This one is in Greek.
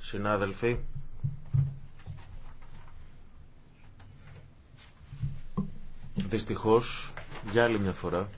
Συνάδελφοι, δυστυχώς για άλλη μια φορά